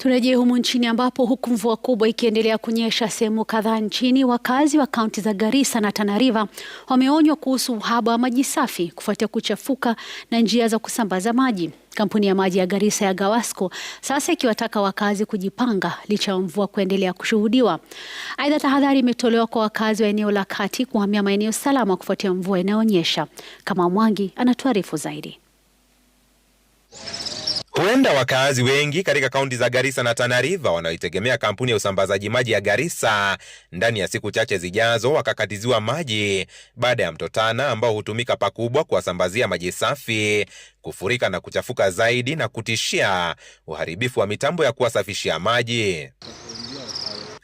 Turejee humu nchini ambapo huku mvua kubwa ikiendelea kunyesha sehemu kadhaa nchini, wakazi wa kaunti za Garissa na Tana River wameonywa kuhusu uhaba wa maji safi kufuatia kuchafuka na njia za kusambaza maji. Kampuni ya maji ya Garissa ya Gawasco sasa ikiwataka wakazi kujipanga licha ya mvua kuendelea kushuhudiwa. Aidha, tahadhari imetolewa kwa wakazi wa eneo la kati kuhamia maeneo salama kufuatia mvua inayonyesha. Kama Mwangi anatuarifu zaidi. Huenda wakaazi wengi katika kaunti za Garissa na Tana River wanaoitegemea kampuni ya usambazaji maji ya Garissa ndani ya siku chache zijazo wakakatiziwa maji baada ya mto Tana ambao hutumika pakubwa kuwasambazia maji safi kufurika na kuchafuka zaidi na kutishia uharibifu wa mitambo ya kuwasafishia maji.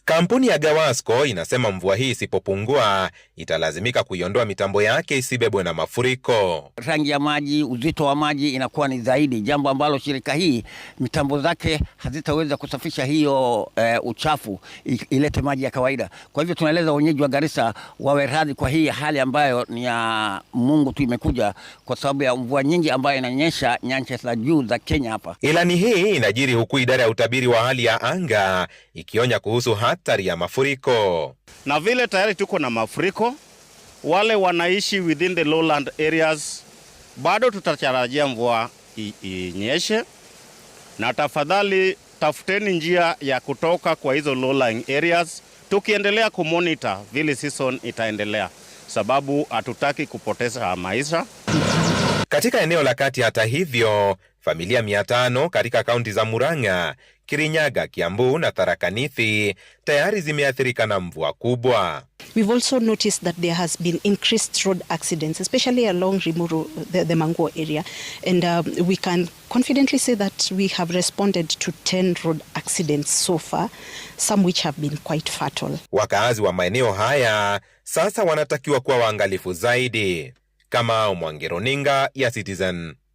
Kampuni ya Gawasco inasema mvua hii isipopungua italazimika kuiondoa mitambo yake isibebwe na mafuriko. Rangi ya maji, uzito wa maji inakuwa ni zaidi, jambo ambalo shirika hii mitambo zake hazitaweza kusafisha hiyo e, uchafu ilete maji ya kawaida. Kwa hivyo tunaeleza wenyeji wa Garissa wawe radhi kwa hii hali ambayo ni ya Mungu tu imekuja kwa sababu ya mvua nyingi ambayo inanyesha nyanja za juu za Kenya hapa. Ilani hii inajiri huku idara ya utabiri wa hali ya anga ikionya kuhusu hali hatari ya mafuriko. Na vile tayari tuko na mafuriko, wale wanaishi within the lowland areas bado tutatarajia mvua inyeshe, na tafadhali tafuteni njia ya kutoka kwa hizo lowland areas, tukiendelea kumonita vile season itaendelea, sababu hatutaki kupoteza maisha katika eneo la kati. Hata hivyo, familia mia tano katika kaunti za Murang'a Kirinyaga, Kiambu na tharakanithi tayari zimeathirika na mvua kubwa. We've also noticed that there has been increased road accidents especially along Rimuru the, the Manguo area and uh, we can confidently say that we have responded to 10 road accidents so far some which have been quite fatal. Wakaazi wa maeneo haya sasa wanatakiwa kuwa waangalifu zaidi. Kama Mwangi, Runinga ya Citizen.